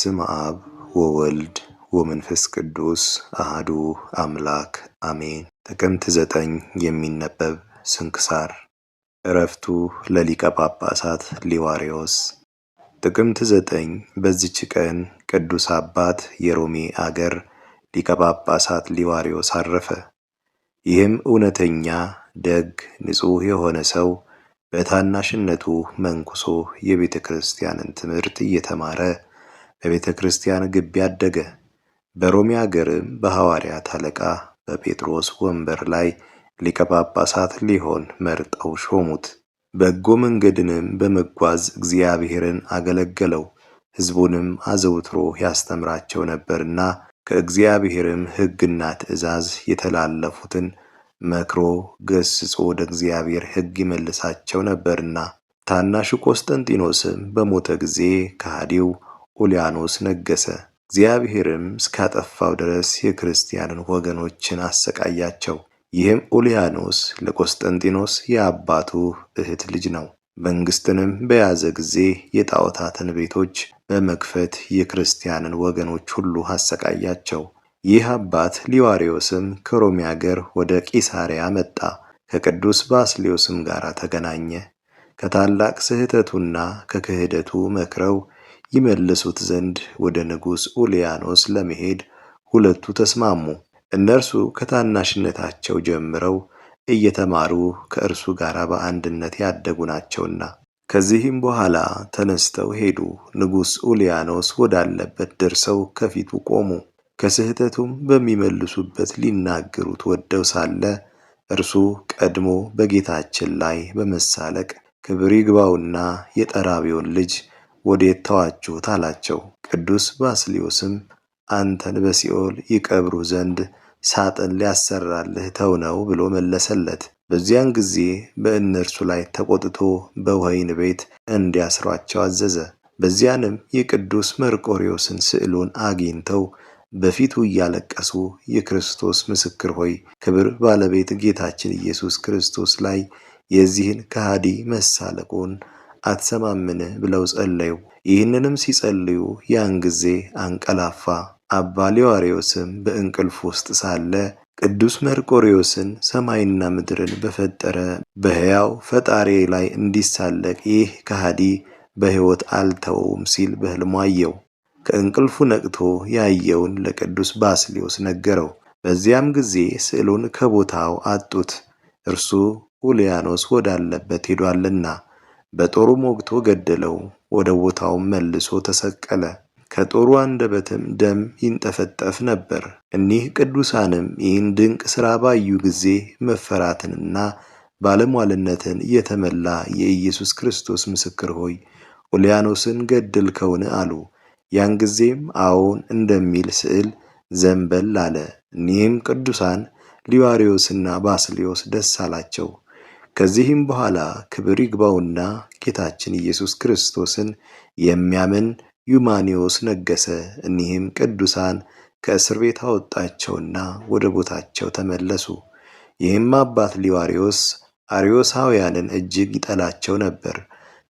በስም አብ ወወልድ ወመንፈስ ቅዱስ አህዱ አምላክ አሜን። ጥቅምት ዘጠኝ የሚነበብ ስንክሳር። እረፍቱ ለሊቀ ጳጳሳት ሊዋሪዎስ ጥቅምት ዘጠኝ በዚች ቀን ቅዱስ አባት የሮሜ አገር ሊቀ ጳጳሳት ሊዋሪዎስ አረፈ። ይህም እውነተኛ ደግ ንጹሕ የሆነ ሰው በታናሽነቱ መንኩሶ የቤተ ክርስቲያንን ትምህርት እየተማረ በቤተ ክርስቲያን ግቢ አደገ። በሮሚ አገርም በሐዋርያት አለቃ በጴጥሮስ ወንበር ላይ ሊቀ ጳጳሳት ሊሆን መርጠው ሾሙት። በጎ መንገድንም በመጓዝ እግዚአብሔርን አገለገለው። ሕዝቡንም አዘውትሮ ያስተምራቸው ነበርና ከእግዚአብሔርም ሕግና ትእዛዝ የተላለፉትን መክሮ ገስጾ ወደ እግዚአብሔር ሕግ ይመልሳቸው ነበርና ታናሹ ቆስጠንጢኖስም በሞተ ጊዜ ከሃዲው ኡሊያኖስ ነገሰ። እግዚአብሔርም እስካጠፋው ድረስ የክርስቲያንን ወገኖችን አሰቃያቸው። ይህም ኡሊያኖስ ለቆስጠንጢኖስ የአባቱ እህት ልጅ ነው። መንግሥትንም በያዘ ጊዜ የጣዖታትን ቤቶች በመክፈት የክርስቲያንን ወገኖች ሁሉ አሰቃያቸው። ይህ አባት ሊዋሪዮስም ከሮሚ አገር ወደ ቂሳሪያ መጣ። ከቅዱስ ባስሌዮስም ጋር ተገናኘ። ከታላቅ ስህተቱና ከክህደቱ መክረው ይመልሱት ዘንድ ወደ ንጉሥ ኡልያኖስ ለመሄድ ሁለቱ ተስማሙ። እነርሱ ከታናሽነታቸው ጀምረው እየተማሩ ከእርሱ ጋር በአንድነት ያደጉ ናቸውና። ከዚህም በኋላ ተነስተው ሄዱ። ንጉሥ ኡልያኖስ ወዳለበት ደርሰው ከፊቱ ቆሙ። ከስህተቱም በሚመልሱበት ሊናገሩት ወደው ሳለ እርሱ ቀድሞ በጌታችን ላይ በመሳለቅ ክብር ይግባውና የጠራቢውን ልጅ ወዴት ተዋችሁት አላቸው። ቅዱስ ባስሊዮስም አንተን በሲኦል ይቀብሩ ዘንድ ሳጥን ሊያሰራልህ ተው ነው ብሎ መለሰለት። በዚያን ጊዜ በእነርሱ ላይ ተቆጥቶ በወህኒ ቤት እንዲያስሯቸው አዘዘ። በዚያንም የቅዱስ መርቆሪዎስን ስዕሉን አግኝተው በፊቱ እያለቀሱ የክርስቶስ ምስክር ሆይ ክብር ባለቤት ጌታችን ኢየሱስ ክርስቶስ ላይ የዚህን ከሃዲ መሳለቁን አትሰማምን ብለው ጸለዩ። ይህንንም ሲጸልዩ ያን ጊዜ አንቀላፋ። አባ በእንቅልፍ ውስጥ ሳለ ቅዱስ መርቆሪዎስን ሰማይና ምድርን በፈጠረ በሕያው ፈጣሬ ላይ እንዲሳለቅ ይህ ከሃዲ በሕይወት አልተወውም ሲል በሕልሙ አየው። ከእንቅልፉ ነቅቶ ያየውን ለቅዱስ ባስሊዮስ ነገረው። በዚያም ጊዜ ስዕሉን ከቦታው አጡት፣ እርሱ ኡልያኖስ ወዳለበት ሄዷልና። በጦሩም ወግቶ ገደለው። ወደ ቦታውም መልሶ ተሰቀለ። ከጦሩ አንደበትም ደም ይንጠፈጠፍ ነበር። እኒህ ቅዱሳንም ይህን ድንቅ ሥራ ባዩ ጊዜ መፈራትንና ባለሟልነትን የተመላ የኢየሱስ ክርስቶስ ምስክር ሆይ ኡልያኖስን ገደልከውን? አሉ። ያን ጊዜም አዎን እንደሚል ስዕል ዘንበል አለ። እኒህም ቅዱሳን ሊዋሪዮስና ባስሊዮስ ደስ አላቸው። ከዚህም በኋላ ክብር ይግባውና ጌታችን ኢየሱስ ክርስቶስን የሚያምን ዩማኒዎስ ነገሰ። እኒህም ቅዱሳን ከእስር ቤት አወጣቸውና ወደ ቦታቸው ተመለሱ። ይህም አባት ሊዋሪዎስ አሪዮሳውያንን እጅግ ይጠላቸው ነበር።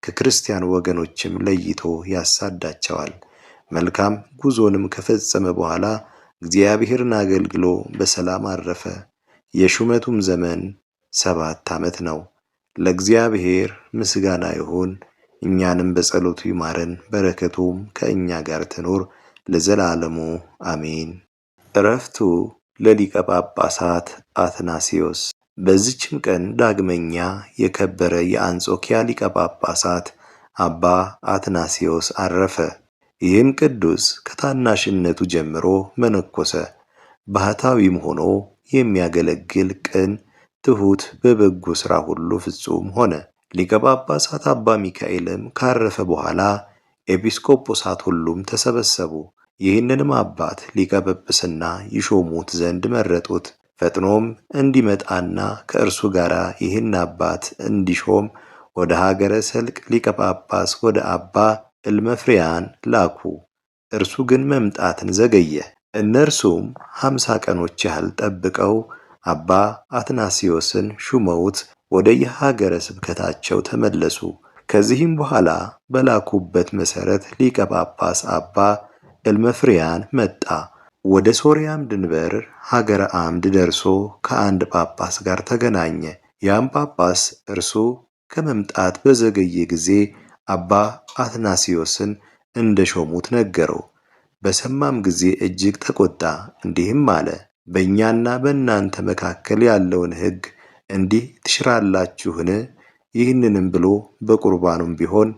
ከክርስቲያን ወገኖችም ለይቶ ያሳዳቸዋል። መልካም ጉዞንም ከፈጸመ በኋላ እግዚአብሔርን አገልግሎ በሰላም አረፈ። የሹመቱም ዘመን ሰባት ዓመት ነው። ለእግዚአብሔር ምስጋና ይሁን፣ እኛንም በጸሎቱ ይማረን፣ በረከቱም ከእኛ ጋር ትኖር ለዘላለሙ አሜን። እረፍቱ ለሊቀ ጳጳሳት አትናሲዮስ። በዚችም ቀን ዳግመኛ የከበረ የአንጾኪያ ሊቀ ጳጳሳት አባ አትናሲዮስ አረፈ። ይህም ቅዱስ ከታናሽነቱ ጀምሮ መነኮሰ። ባህታዊም ሆኖ የሚያገለግል ቅን ትሑት፣ በበጎ ሥራ ሁሉ ፍጹም ሆነ። ሊቀ ጳጳሳት አባ ሚካኤልም ካረፈ በኋላ ኤጲስቆጶሳት ሁሉም ተሰበሰቡ። ይህንንም አባት ሊቀ ጵጵስና ይሾሙት ዘንድ መረጡት። ፈጥኖም እንዲመጣና ከእርሱ ጋር ይህን አባት እንዲሾም ወደ ሀገረ ሰልቅ ሊቀ ጳጳስ ወደ አባ እልመፍሪያን ላኩ። እርሱ ግን መምጣትን ዘገየ። እነርሱም ሀምሳ ቀኖች ያህል ጠብቀው አባ አትናሲዮስን ሹመውት ወደ የሀገረ ስብከታቸው ተመለሱ። ከዚህም በኋላ በላኩበት መሠረት ሊቀ ጳጳስ አባ እልመፍሪያን መጣ። ወደ ሶርያም ድንበር ሀገረ አምድ ደርሶ ከአንድ ጳጳስ ጋር ተገናኘ። ያም ጳጳስ እርሱ ከመምጣት በዘገየ ጊዜ አባ አትናሲዮስን እንደ ሾሙት ነገረው። በሰማም ጊዜ እጅግ ተቆጣ፣ እንዲህም አለ፦ በእኛና በእናንተ መካከል ያለውን ሕግ እንዲህ ትሽራላችሁን? ይህንንም ብሎ በቁርባኑም ቢሆን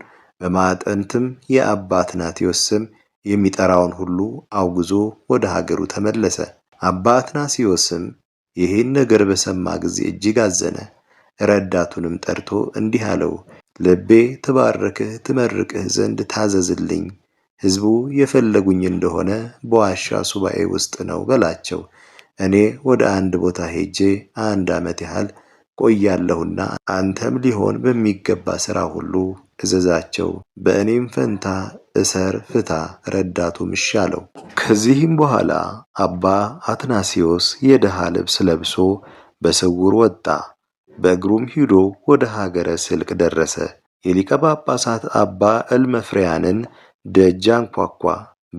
በማዕጠንትም የአባት አትናቴዎስ ስም የሚጠራውን ሁሉ አውግዞ ወደ ሀገሩ ተመለሰ። አባ አትናቴዎስም ይህን ነገር በሰማ ጊዜ እጅግ አዘነ። ረዳቱንም ጠርቶ እንዲህ አለው፣ ልቤ ትባርክህ ትመርቅህ ዘንድ ታዘዝልኝ። ሕዝቡ የፈለጉኝ እንደሆነ በዋሻ ሱባኤ ውስጥ ነው በላቸው እኔ ወደ አንድ ቦታ ሄጄ አንድ ዓመት ያህል ቆያለሁና አንተም ሊሆን በሚገባ ሥራ ሁሉ እዘዛቸው፣ በእኔም ፈንታ እሰር ፍታ፣ ረዳቱም እሺ አለው። ከዚህም በኋላ አባ አትናሲዮስ የድሃ ልብስ ለብሶ በስውር ወጣ። በእግሩም ሂዶ ወደ ሀገረ ስልክ ደረሰ። የሊቀ ጳጳሳት አባ እልመፍሪያንን ደጅ አንኳኳ።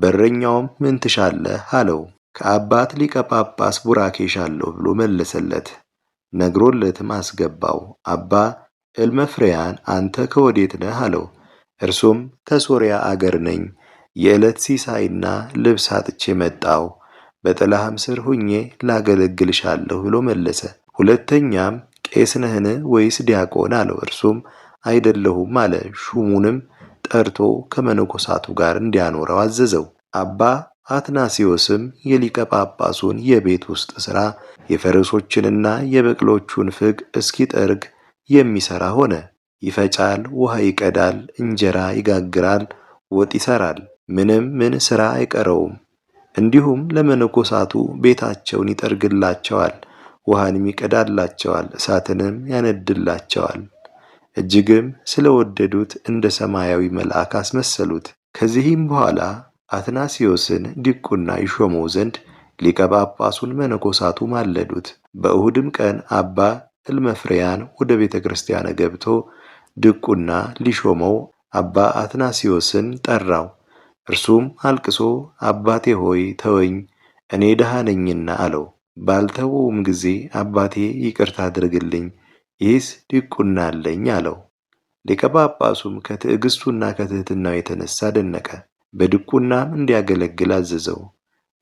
በረኛውም ምን ትሻለህ አለው። ከአባት ሊቀ ጳጳስ ቡራኬ ሻለሁ ብሎ መለሰለት። ነግሮለትም አስገባው። አባ እልመፍሬያን አንተ ከወዴት ነህ አለው። እርሱም ከሶርያ አገር ነኝ፣ የዕለት ሲሳይና ልብስ አጥቼ መጣው፣ በጥላህም ስር ሁኜ ላገለግልሻለሁ ብሎ መለሰ። ሁለተኛም ቄስ ነህን ወይስ ዲያቆን አለው። እርሱም አይደለሁም አለ። ሹሙንም ጠርቶ ከመነኮሳቱ ጋር እንዲያኖረው አዘዘው። አባ አትናሲዮስም የሊቀ ጳጳሱን የቤት ውስጥ ሥራ የፈረሶችንና የበቅሎቹን ፍግ እስኪጠርግ የሚሠራ ሆነ። ይፈጫል፣ ውሃ ይቀዳል፣ እንጀራ ይጋግራል፣ ወጥ ይሠራል። ምንም ምን ሥራ አይቀረውም። እንዲሁም ለመነኮሳቱ ቤታቸውን ይጠርግላቸዋል፣ ውሃንም ይቀዳላቸዋል፣ እሳትንም ያነድላቸዋል። እጅግም ስለወደዱት እንደ ሰማያዊ መልአክ አስመሰሉት። ከዚህም በኋላ አትናሲዮስን ዲቁና ይሾመው ዘንድ ሊቀ ጳጳሱን መነኮሳቱ ማለዱት። በእሁድም ቀን አባ እልመፍሬያን ወደ ቤተ ክርስቲያን ገብቶ ድቁና ሊሾመው አባ አትናሲዮስን ጠራው። እርሱም አልቅሶ አባቴ ሆይ ተወኝ፣ እኔ ደሃ ነኝና አለው። ባልተወውም ጊዜ አባቴ ይቅርታ አድርግልኝ፣ ይህስ ዲቁና አለኝ አለው። ሊቀ ጳጳሱም ከትዕግስቱና ከትህትናው የተነሳ ደነቀ። በድቁናም እንዲያገለግል አዘዘው።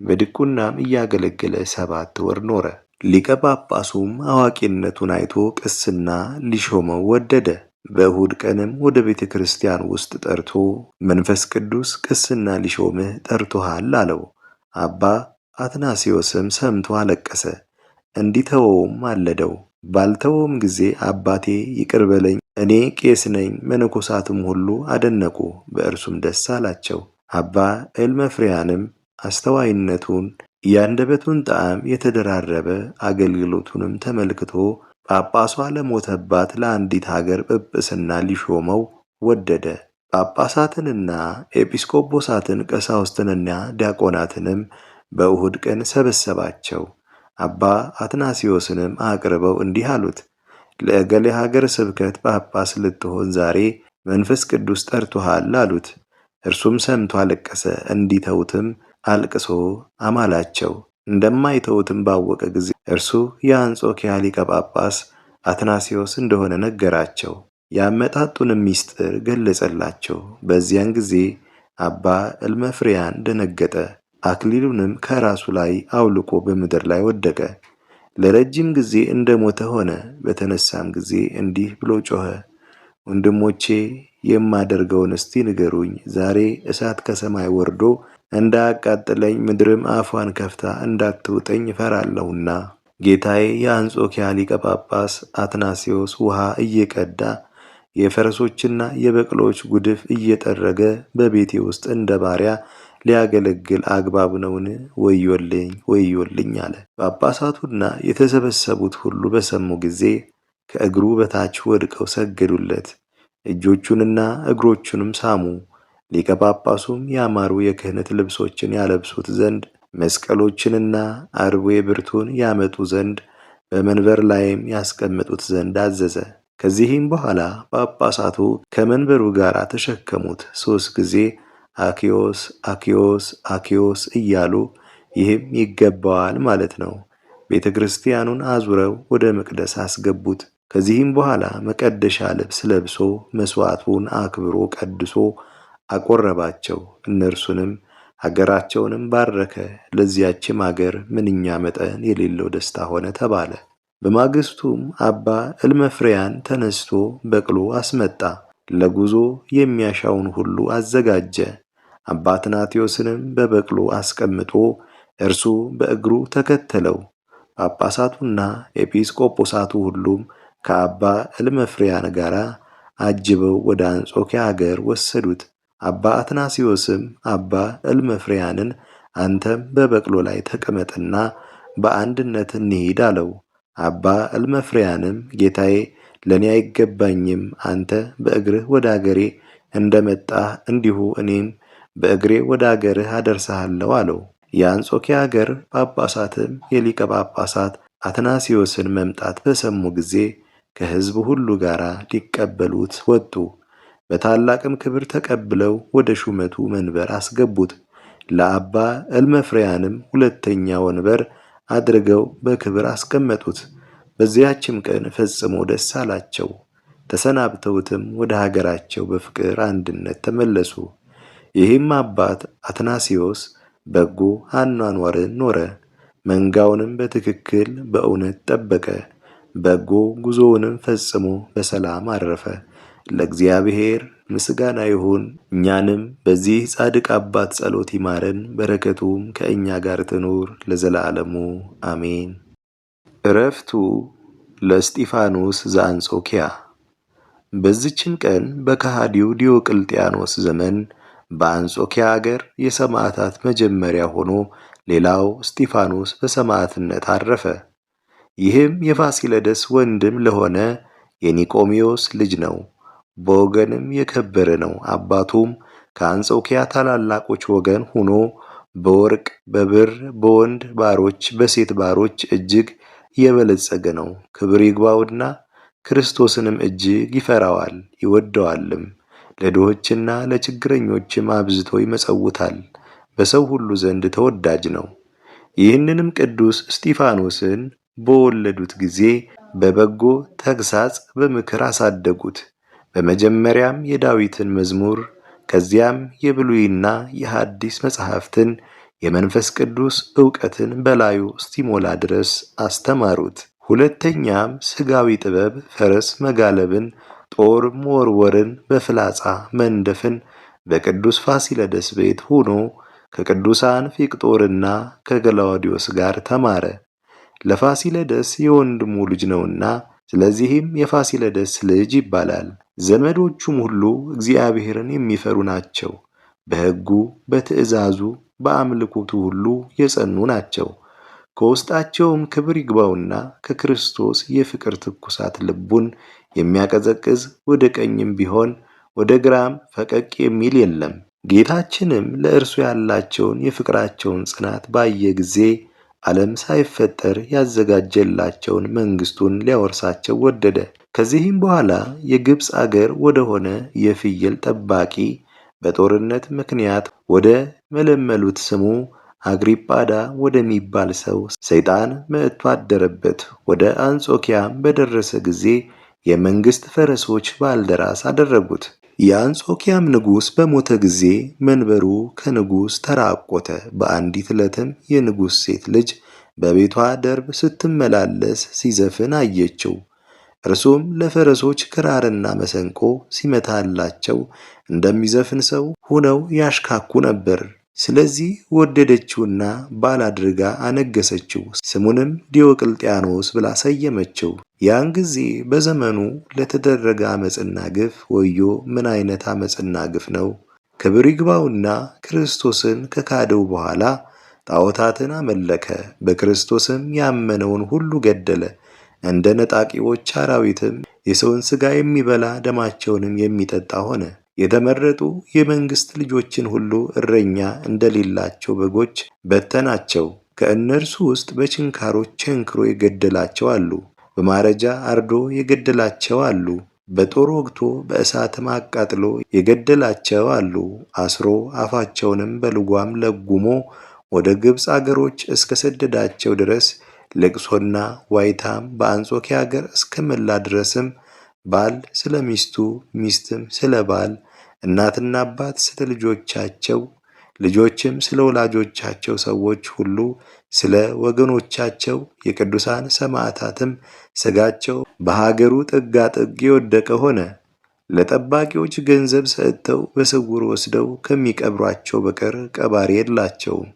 በድቁናም እያገለገለ ሰባት ወር ኖረ። ሊቀ ጳጳሱም አዋቂነቱን አይቶ ቅስና ሊሾመው ወደደ። በእሁድ ቀንም ወደ ቤተ ክርስቲያን ውስጥ ጠርቶ መንፈስ ቅዱስ ቅስና ሊሾምህ ጠርቶሃል አለው። አባ አትናሲዮስም ሰምቶ አለቀሰ። እንዲተወውም አለደው። ባልተወውም ጊዜ አባቴ ይቅር በለኝ፣ እኔ ቄስ ነኝ፣ መነኮሳትም ሁሉ አደነቁ፣ በእርሱም ደስ አላቸው። አባ ኤልመፍሪያንም አስተዋይነቱን የአንደበቱን ጣዕም የተደራረበ አገልግሎቱንም ተመልክቶ ጳጳሷ ለሞተባት ለአንዲት ሀገር ጵጵስና ሊሾመው ወደደ። ጳጳሳትንና ኤጲስቆጶሳትን ቀሳውስትንና ዲያቆናትንም በእሁድ ቀን ሰበሰባቸው። አባ አትናሲዮስንም አቅርበው እንዲህ አሉት። ለእገሌ ሀገር ስብከት ጳጳስ ልትሆን ዛሬ መንፈስ ቅዱስ ጠርቶሃል አሉት። እርሱም ሰምቶ አለቀሰ። እንዲተውትም አልቅሶ አማላቸው። እንደማይተውትም ባወቀ ጊዜ እርሱ የአንጾኪያ ሊቀ ጳጳስ አትናሲዮስ እንደሆነ ነገራቸው። የአመጣጡንም ምስጢር ገለጸላቸው። በዚያን ጊዜ አባ እልመፍሪያን ደነገጠ። አክሊሉንም ከራሱ ላይ አውልቆ በምድር ላይ ወደቀ። ለረጅም ጊዜ እንደ ሞተ ሆነ። በተነሳም ጊዜ እንዲህ ብሎ ጮኸ፣ ወንድሞቼ የማደርገውን እስቲ ንገሩኝ። ዛሬ እሳት ከሰማይ ወርዶ እንዳያቃጥለኝ ምድርም አፏን ከፍታ እንዳትውጠኝ እፈራለሁና። ጌታዬ የአንጾኪያ ሊቀ ጳጳስ አትናሲዎስ ውሃ እየቀዳ የፈረሶችና የበቅሎች ጉድፍ እየጠረገ በቤቴ ውስጥ እንደ ባሪያ ሊያገለግል አግባብ ነውን? ወዮልኝ ወዮልኝ አለ። ጳጳሳቱና የተሰበሰቡት ሁሉ በሰሙ ጊዜ ከእግሩ በታች ወድቀው ሰገዱለት። እጆቹንና እግሮቹንም ሳሙ። ሊቀ ጳጳሱም ያማሩ የክህነት ልብሶችን ያለብሱት ዘንድ መስቀሎችንና አርዌ ብርቱን ያመጡ ዘንድ በመንበር ላይም ያስቀምጡት ዘንድ አዘዘ። ከዚህም በኋላ ጳጳሳቱ ከመንበሩ ጋር ተሸከሙት። ሦስት ጊዜ አኪዮስ አኪዮስ አኪዮስ እያሉ ይህም ይገባዋል ማለት ነው። ቤተ ክርስቲያኑን አዙረው ወደ መቅደስ አስገቡት። ከዚህም በኋላ መቀደሻ ልብስ ለብሶ መስዋዕቱን አክብሮ ቀድሶ አቆረባቸው። እነርሱንም ሀገራቸውንም ባረከ። ለዚያችም አገር ምንኛ መጠን የሌለው ደስታ ሆነ ተባለ። በማግስቱም አባ እልመፍሬያን ተነስቶ በቅሎ አስመጣ፣ ለጉዞ የሚያሻውን ሁሉ አዘጋጀ። አባ ትናቴዎስንም በበቅሎ አስቀምጦ እርሱ በእግሩ ተከተለው። ጳጳሳቱና ኤጲስቆጶሳቱ ሁሉም ከአባ እልመፍሪያን ጋር አጅበው ወደ አንጾኪያ አገር ወሰዱት። አባ አትናሲዮስም አባ እልመፍሪያንን አንተም በበቅሎ ላይ ተቀመጥና በአንድነት እንሂድ አለው። አባ እልመፍሪያንም ጌታዬ፣ ለእኔ አይገባኝም፣ አንተ በእግርህ ወደ አገሬ እንደመጣህ እንዲሁ እኔም በእግሬ ወደ አገርህ አደርሰሃለሁ አለው። የአንጾኪያ አገር ጳጳሳትም የሊቀ ጳጳሳት አትናሲዮስን መምጣት በሰሙ ጊዜ ከሕዝብ ሁሉ ጋር ሊቀበሉት ወጡ። በታላቅም ክብር ተቀብለው ወደ ሹመቱ መንበር አስገቡት። ለአባ እልመፍሪያንም ሁለተኛ ወንበር አድርገው በክብር አስቀመጡት። በዚያችም ቀን ፈጽሞ ደስ አላቸው። ተሰናብተውትም ወደ ሀገራቸው በፍቅር አንድነት ተመለሱ። ይህም አባት አትናሲዮስ በጎ አኗኗርን ኖረ። መንጋውንም በትክክል በእውነት ጠበቀ። በጎ ጉዞውንም ፈጽሞ በሰላም አረፈ። ለእግዚአብሔር ምስጋና ይሁን። እኛንም በዚህ ጻድቅ አባት ጸሎት ይማረን፣ በረከቱም ከእኛ ጋር ትኑር ለዘላለሙ አሜን። እረፍቱ ለእስጢፋኖስ ዘአንጾኪያ። በዚችን ቀን በከሃዲው ዲዮቅልጥያኖስ ዘመን በአንጾኪያ አገር የሰማዕታት መጀመሪያ ሆኖ ሌላው እስጢፋኖስ በሰማዕትነት አረፈ። ይህም የፋሲለደስ ወንድም ለሆነ የኒቆሚዎስ ልጅ ነው። በወገንም የከበረ ነው። አባቱም ከአንጾኪያ ታላላቆች ወገን ሆኖ በወርቅ በብር በወንድ ባሮች በሴት ባሮች እጅግ የበለጸገ ነው። ክብር ይግባውና ክርስቶስንም እጅግ ይፈራዋል ይወደዋልም። ለድሆችና ለችግረኞችም አብዝቶ ይመጸውታል። በሰው ሁሉ ዘንድ ተወዳጅ ነው። ይህንንም ቅዱስ እስጢፋኖስን በወለዱት ጊዜ በበጎ ተግሳጽ በምክር አሳደጉት። በመጀመሪያም የዳዊትን መዝሙር ከዚያም የብሉይና የሐዲስ መጽሐፍትን የመንፈስ ቅዱስ ዕውቀትን በላዩ እስቲሞላ ድረስ አስተማሩት። ሁለተኛም ሥጋዊ ጥበብ ፈረስ መጋለብን፣ ጦር መወርወርን፣ በፍላጻ መንደፍን በቅዱስ ፋሲለደስ ቤት ሆኖ ከቅዱሳን ፊቅጦርና ከገላውዲዮስ ጋር ተማረ። ለፋሲለደስ የወንድሙ ልጅ ነውና ስለዚህም የፋሲለደስ ልጅ ይባላል። ዘመዶቹም ሁሉ እግዚአብሔርን የሚፈሩ ናቸው። በሕጉ በትእዛዙ በአምልኮቱ ሁሉ የጸኑ ናቸው። ከውስጣቸውም ክብር ይግባውና ከክርስቶስ የፍቅር ትኩሳት ልቡን የሚያቀዘቅዝ ወደ ቀኝም ቢሆን ወደ ግራም ፈቀቅ የሚል የለም። ጌታችንም ለእርሱ ያላቸውን የፍቅራቸውን ጽናት ባየ ጊዜ ዓለም ሳይፈጠር ያዘጋጀላቸውን መንግስቱን ሊያወርሳቸው ወደደ። ከዚህም በኋላ የግብፅ አገር ወደሆነ የፍየል ጠባቂ በጦርነት ምክንያት ወደ መለመሉት ስሙ አግሪጳዳ ወደሚባል ሰው ሰይጣን መጥቶ አደረበት። ወደ አንጾኪያም በደረሰ ጊዜ የመንግስት ፈረሶች ባልደራስ አደረጉት። የአንጾኪያም ንጉሥ በሞተ ጊዜ መንበሩ ከንጉሥ ተራቆተ። በአንዲት ዕለትም የንጉሥ ሴት ልጅ በቤቷ ደርብ ስትመላለስ ሲዘፍን አየችው። እርሱም ለፈረሶች ክራርና መሰንቆ ሲመታላቸው እንደሚዘፍን ሰው ሆነው ያሽካኩ ነበር። ስለዚህ ወደደችውና ባል አድርጋ አነገሰችው። ስሙንም ዲዮቅልጥያኖስ ብላ ሰየመችው። ያን ጊዜ በዘመኑ ለተደረገ ዓመፅና ግፍ ወዮ! ምን አይነት ዓመፅና ግፍ ነው! ክብር ይግባውና ክርስቶስን ከካደው በኋላ ጣዖታትን አመለከ። በክርስቶስም ያመነውን ሁሉ ገደለ። እንደ ነጣቂዎች አራዊትም የሰውን ሥጋ የሚበላ ደማቸውንም የሚጠጣ ሆነ። የተመረጡ የመንግሥት ልጆችን ሁሉ እረኛ እንደሌላቸው በጎች በተናቸው። ከእነርሱ ውስጥ በችንካሮች ቸንክሮ የገደላቸው አሉ። በማረጃ አርዶ የገደላቸው አሉ። በጦር ወግቶ በእሳትም አቃጥሎ የገደላቸው አሉ። አስሮ አፋቸውንም በልጓም ለጉሞ ወደ ግብፅ አገሮች እስከ ሰደዳቸው ድረስ ልቅሶና ዋይታም በአንጾኪያ አገር እስከ መላ ድረስም ባል ስለ ሚስቱ ሚስትም ስለ ባል እናትና አባት ስለ ልጆቻቸው፣ ልጆችም ስለ ወላጆቻቸው ሰዎች ሁሉ ስለ ወገኖቻቸው የቅዱሳን ሰማዕታትም ሥጋቸው በሀገሩ ጥጋጥግ የወደቀ ሆነ። ለጠባቂዎች ገንዘብ ሰጥተው በስውር ወስደው ከሚቀብሯቸው በቀር ቀባሪ የላቸውም።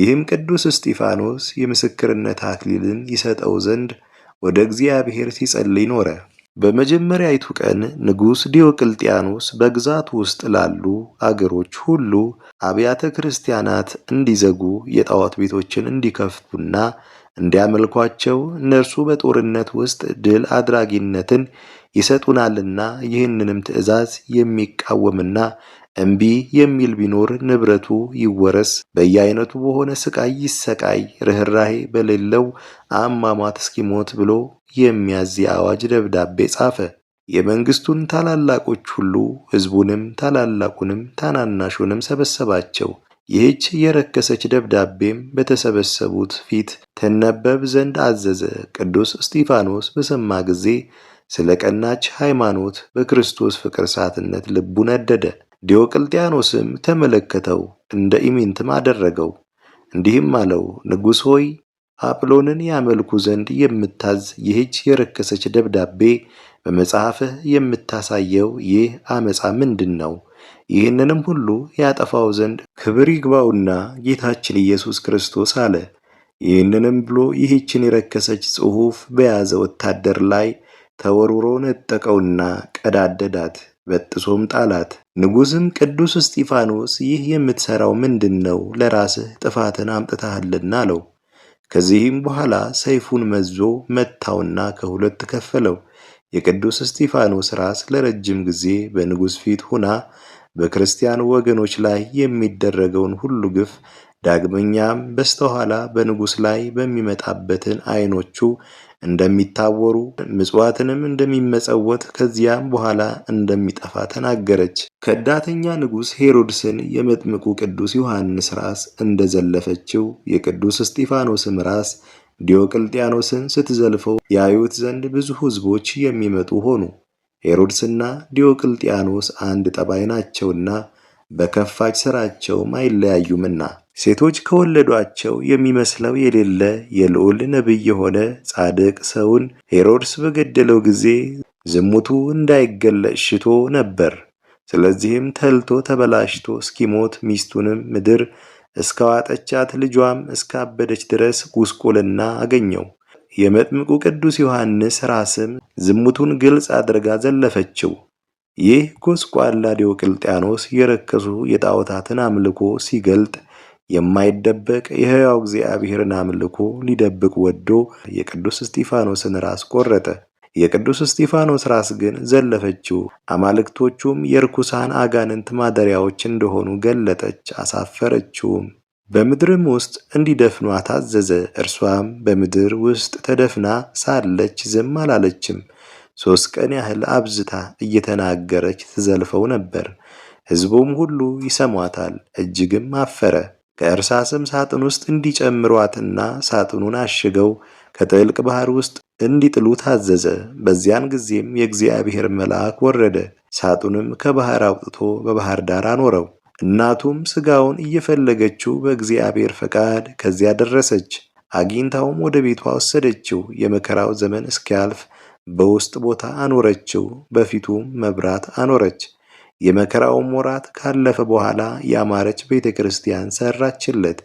ይህም ቅዱስ እስጢፋኖስ የምስክርነት አክሊልን ይሰጠው ዘንድ ወደ እግዚአብሔር ሲጸልይ ኖረ። በመጀመሪያይቱ ቀን ንጉሥ ዲዮቅልጥያኖስ በግዛት ውስጥ ላሉ አገሮች ሁሉ አብያተ ክርስቲያናት እንዲዘጉ የጣዖት ቤቶችን እንዲከፍቱና እንዲያመልኳቸው እነርሱ በጦርነት ውስጥ ድል አድራጊነትን ይሰጡናልና ይህንንም ትእዛዝ የሚቃወምና እምቢ የሚል ቢኖር ንብረቱ ይወረስ፣ በየአይነቱ በሆነ ስቃይ ይሰቃይ፣ ርኅራሄ በሌለው አሟሟት እስኪሞት ብሎ የሚያዝ የአዋጅ ደብዳቤ ጻፈ። የመንግስቱን ታላላቆች ሁሉ ሕዝቡንም ታላላቁንም ታናናሹንም ሰበሰባቸው። ይህች የረከሰች ደብዳቤም በተሰበሰቡት ፊት ትነበብ ዘንድ አዘዘ። ቅዱስ እስጢፋኖስ በሰማ ጊዜ ስለ ቀናች ሃይማኖት በክርስቶስ ፍቅር ሳትነት ልቡ ነደደ። ዲዮቅልጥያኖስም ተመለከተው፣ እንደ ኢሚንትም አደረገው። እንዲህም አለው፣ ንጉሥ ሆይ አጵሎንን ያመልኩ ዘንድ የምታዝ ይህች የረከሰች ደብዳቤ በመጽሐፍህ የምታሳየው ይህ አመፃ ምንድን ነው? ይህንንም ሁሉ ያጠፋው ዘንድ ክብር ይግባውና ጌታችን ኢየሱስ ክርስቶስ አለ። ይህንንም ብሎ ይህችን የረከሰች ጽሑፍ በያዘ ወታደር ላይ ተወርውሮ ነጠቀውና ቀዳደዳት። በጥሶም ጣላት። ንጉሥም ቅዱስ እስጢፋኖስ ይህ የምትሠራው ምንድን ነው? ለራስህ ጥፋትን አምጥተሃልና አለው። ከዚህም በኋላ ሰይፉን መዞ መታውና ከሁለት ከፈለው። የቅዱስ እስጢፋኖስ ራስ ለረጅም ጊዜ በንጉሥ ፊት ሁና በክርስቲያን ወገኖች ላይ የሚደረገውን ሁሉ ግፍ ዳግመኛም በስተኋላ በንጉሥ ላይ በሚመጣበትን ዐይኖቹ እንደሚታወሩ ምጽዋትንም እንደሚመጸወት ከዚያም በኋላ እንደሚጠፋ ተናገረች። ከዳተኛ ንጉሥ ሄሮድስን የመጥምቁ ቅዱስ ዮሐንስ ራስ እንደዘለፈችው የቅዱስ እስጢፋኖስም ራስ ዲዮቅልጥያኖስን ስትዘልፈው ያዩት ዘንድ ብዙ ሕዝቦች የሚመጡ ሆኑ። ሄሮድስና ዲዮቅልጥያኖስ አንድ ጠባይ ናቸውና በከፋች ሥራቸውም አይለያዩምና ሴቶች ከወለዷቸው የሚመስለው የሌለ የልዑል ነቢይ የሆነ ጻድቅ ሰውን ሄሮድስ በገደለው ጊዜ ዝሙቱ እንዳይገለጥ ሽቶ ነበር። ስለዚህም ተልቶ ተበላሽቶ እስኪሞት ሚስቱንም ምድር እስካዋጠቻት ልጇም እስካበደች ድረስ ጉስቁልና አገኘው። የመጥምቁ ቅዱስ ዮሐንስ ራስም ዝሙቱን ግልጽ አድርጋ ዘለፈችው። ይህ ጎስቋላ ዲዮቅልጥያኖስ የረከሱ የጣዖታትን አምልኮ ሲገልጥ የማይደበቅ የሕያው እግዚአብሔርን አምልኮ ሊደብቅ ወዶ የቅዱስ እስጢፋኖስን ራስ ቆረጠ። የቅዱስ እስጢፋኖስ ራስ ግን ዘለፈችው፣ አማልክቶቹም የርኩሳን አጋንንት ማደሪያዎች እንደሆኑ ገለጠች፣ አሳፈረችውም። በምድርም ውስጥ እንዲደፍኗ ታዘዘ። እርሷም በምድር ውስጥ ተደፍና ሳለች ዝም አላለችም። ሦስት ቀን ያህል አብዝታ እየተናገረች ትዘልፈው ነበር። ሕዝቡም ሁሉ ይሰሟታል፣ እጅግም አፈረ። ከእርሳስም ሳጥን ውስጥ እንዲጨምሯትና ሳጥኑን አሽገው ከጥልቅ ባሕር ውስጥ እንዲጥሉ ታዘዘ። በዚያን ጊዜም የእግዚአብሔር መልአክ ወረደ፣ ሳጡንም ከባሕር አውጥቶ በባሕር ዳር አኖረው። እናቱም ሥጋውን እየፈለገችው በእግዚአብሔር ፈቃድ ከዚያ ደረሰች። አግኝታውም ወደ ቤቷ ወሰደችው። የመከራው ዘመን እስኪያልፍ በውስጥ ቦታ አኖረችው፣ በፊቱ መብራት አኖረች። የመከራውም ወራት ካለፈ በኋላ ያማረች ቤተ ክርስቲያን ሰራችለት።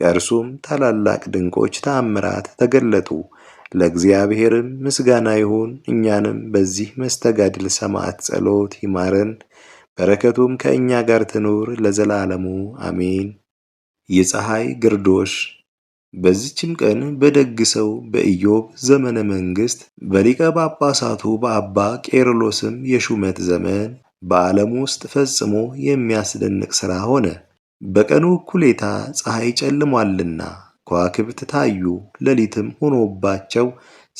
ከእርሱም ታላላቅ ድንቆች ተአምራት ተገለጡ። ለእግዚአብሔርም ምስጋና ይሁን። እኛንም በዚህ መስተጋድል ሰማዕት ጸሎት ይማረን፣ በረከቱም ከእኛ ጋር ትኑር ለዘላለሙ አሜን። የፀሐይ ግርዶሽ በዚችም ቀን በደግ ሰው በኢዮብ ዘመነ መንግሥት በሊቀ ጳጳሳቱ በአባ ቄርሎስም የሹመት ዘመን በዓለም ውስጥ ፈጽሞ የሚያስደንቅ ሥራ ሆነ። በቀኑ እኩሌታ ፀሐይ ጨልሟልና ከዋክብት ታዩ፣ ሌሊትም ሆኖባቸው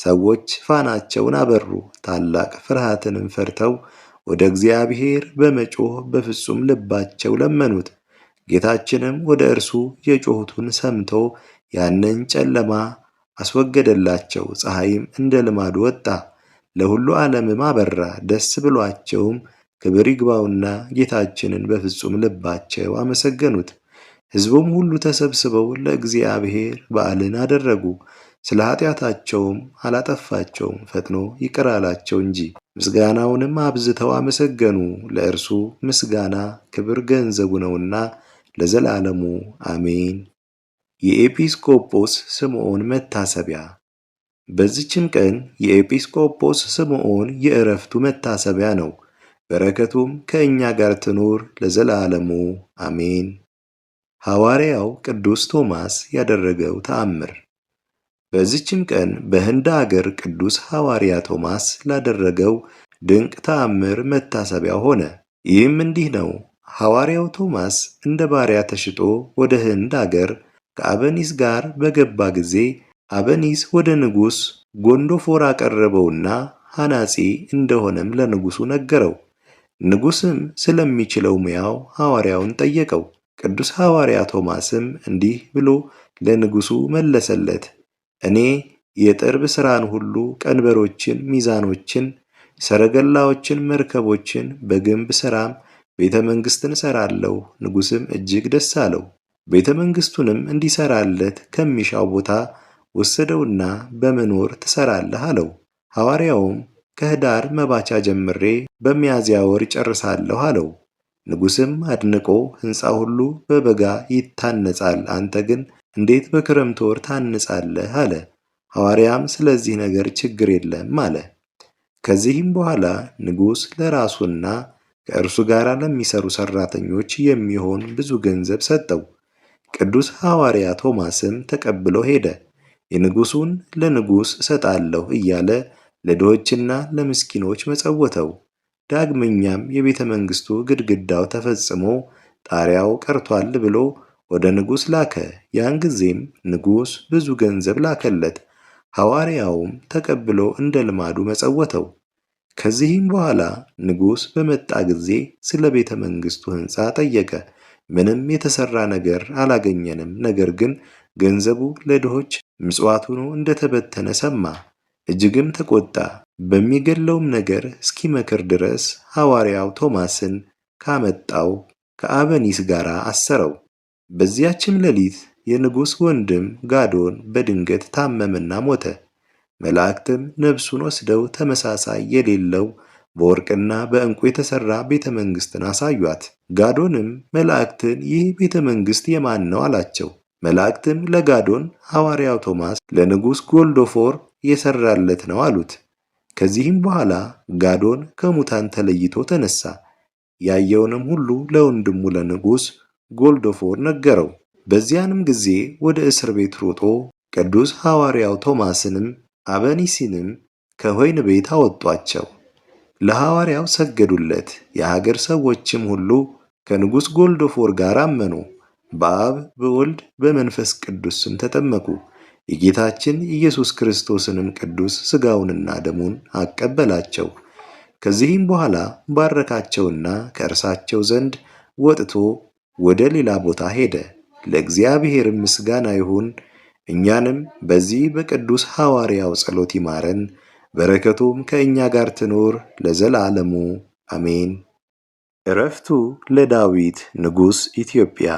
ሰዎች ፋናቸውን አበሩ። ታላቅ ፍርሃትንም ፈርተው ወደ እግዚአብሔር በመጮህ በፍጹም ልባቸው ለመኑት። ጌታችንም ወደ እርሱ የጮሁቱን ሰምቶ ያንን ጨለማ አስወገደላቸው። ፀሐይም እንደ ልማድ ወጣ፣ ለሁሉ ዓለምም አበራ። ደስ ብሏቸውም ክብር ይግባውና ጌታችንን በፍጹም ልባቸው አመሰገኑት። ሕዝቡም ሁሉ ተሰብስበው ለእግዚአብሔር በዓልን አደረጉ። ስለ ኃጢአታቸውም አላጠፋቸውም፣ ፈጥኖ ይቅር አላቸው እንጂ። ምስጋናውንም አብዝተው አመሰገኑ። ለእርሱ ምስጋና ክብር ገንዘቡ ነውና ለዘላለሙ አሜን። የኤጲስቆጶስ ስምዖን መታሰቢያ በዚችም ቀን የኤጲስቆጶስ ስምዖን የእረፍቱ መታሰቢያ ነው። በረከቱም ከእኛ ጋር ትኑር ለዘላለሙ አሜን። ሐዋርያው ቅዱስ ቶማስ ያደረገው ተአምር። በዚችም ቀን በህንድ አገር ቅዱስ ሐዋርያ ቶማስ ላደረገው ድንቅ ተአምር መታሰቢያ ሆነ። ይህም እንዲህ ነው። ሐዋርያው ቶማስ እንደ ባሪያ ተሽጦ ወደ ህንድ አገር ከአበኒስ ጋር በገባ ጊዜ አበኒስ ወደ ንጉሥ ጎንዶፎር አቀረበውና ሐናጺ እንደሆነም ለንጉሡ ነገረው። ንጉሥም ስለሚችለው ሙያው ሐዋርያውን ጠየቀው። ቅዱስ ሐዋርያ ቶማስም እንዲህ ብሎ ለንጉሡ መለሰለት፣ እኔ የጥርብ ሥራን ሁሉ ቀንበሮችን፣ ሚዛኖችን፣ ሰረገላዎችን፣ መርከቦችን፣ በግንብ ሥራም ቤተ መንግሥትን እሠራለሁ። ንጉሥም እጅግ ደስ አለው። ቤተ መንግሥቱንም እንዲሠራለት ከሚሻው ቦታ ወሰደውና በመኖር ትሠራለህ አለው። ሐዋርያውም ከኅዳር መባቻ ጀምሬ በሚያዝያ ወር ጨርሳለሁ አለው። ንጉሥም አድንቆ ሕንፃ ሁሉ በበጋ ይታነጻል፣ አንተ ግን እንዴት በክረምት ወር ታንጻለህ? አለ። ሐዋርያም ስለዚህ ነገር ችግር የለም አለ። ከዚህም በኋላ ንጉሥ ለራሱና ከእርሱ ጋር ለሚሰሩ ሠራተኞች የሚሆን ብዙ ገንዘብ ሰጠው። ቅዱስ ሐዋርያ ቶማስም ተቀብሎ ሄደ። የንጉሱን ለንጉስ እሰጣለሁ እያለ ለድሆችና ለምስኪኖች መጸወተው። ዳግመኛም የቤተ መንግስቱ ግድግዳው ተፈጽሞ ጣሪያው ቀርቷል ብሎ ወደ ንጉስ ላከ። ያን ጊዜም ንጉስ ብዙ ገንዘብ ላከለት። ሐዋርያውም ተቀብሎ እንደ ልማዱ መጸወተው። ከዚህም በኋላ ንጉስ በመጣ ጊዜ ስለ ቤተ መንግስቱ ሕንፃ ጠየቀ። ምንም የተሰራ ነገር አላገኘንም። ነገር ግን ገንዘቡ ለድሆች ምጽዋት ሆኖ እንደተበተነ ሰማ፣ እጅግም ተቆጣ። በሚገድለውም ነገር እስኪመክር ድረስ ሐዋርያው ቶማስን ካመጣው ከአበኒስ ጋር አሰረው። በዚያችም ሌሊት የንጉሥ ወንድም ጋዶን በድንገት ታመመና ሞተ። መላእክትም ነፍሱን ወስደው ተመሳሳይ የሌለው በወርቅና በእንቁ የተሰራ ቤተ መንግስትን አሳዩአት። ጋዶንም መላእክትን ይህ ቤተ መንግስት የማን ነው አላቸው። መላእክትም ለጋዶን ሐዋርያው ቶማስ ለንጉሥ ጎልዶፎር የሰራለት ነው አሉት። ከዚህም በኋላ ጋዶን ከሙታን ተለይቶ ተነሳ። ያየውንም ሁሉ ለወንድሙ ለንጉሥ ጎልዶፎር ነገረው። በዚያንም ጊዜ ወደ እስር ቤት ሮጦ ቅዱስ ሐዋርያው ቶማስንም አበኒሲንም ከሆይን ቤት አወጧቸው። ለሐዋርያው ሰገዱለት። የሀገር ሰዎችም ሁሉ ከንጉሥ ጎልዶፎር ጋር አመኑ። በአብ በወልድ በመንፈስ ቅዱስ ስም ተጠመቁ። የጌታችን ኢየሱስ ክርስቶስንም ቅዱስ ሥጋውንና ደሙን አቀበላቸው። ከዚህም በኋላ ባረካቸውና ከእርሳቸው ዘንድ ወጥቶ ወደ ሌላ ቦታ ሄደ። ለእግዚአብሔርም ምስጋና ይሁን። እኛንም በዚህ በቅዱስ ሐዋርያው ጸሎት ይማረን በረከቱም ከእኛ ጋር ትኖር ለዘላለሙ አሜን። እረፍቱ ለዳዊት ንጉሥ ኢትዮጵያ።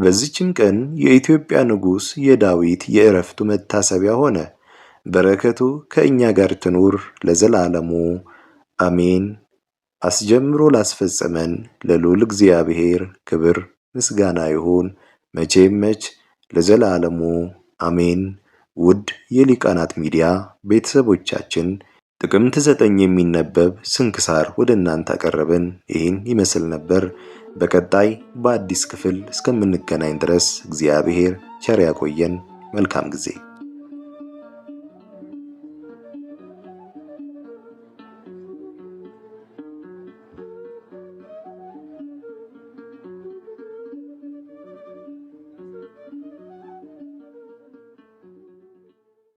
በዚችም ቀን የኢትዮጵያ ንጉሥ የዳዊት የእረፍቱ መታሰቢያ ሆነ። በረከቱ ከእኛ ጋር ትኑር ለዘላለሙ አሜን። አስጀምሮ ላስፈጸመን ለልዑል እግዚአብሔር ክብር ምስጋና ይሁን መቼም መች ለዘላለሙ አሜን። ውድ የሊቃናት ሚዲያ ቤተሰቦቻችን ጥቅምት ዘጠኝ የሚነበብ ስንክሳር ወደ እናንተ አቀረብን። ይህን ይመስል ነበር። በቀጣይ በአዲስ ክፍል እስከምንገናኝ ድረስ እግዚአብሔር ቸር ያቆየን። መልካም ጊዜ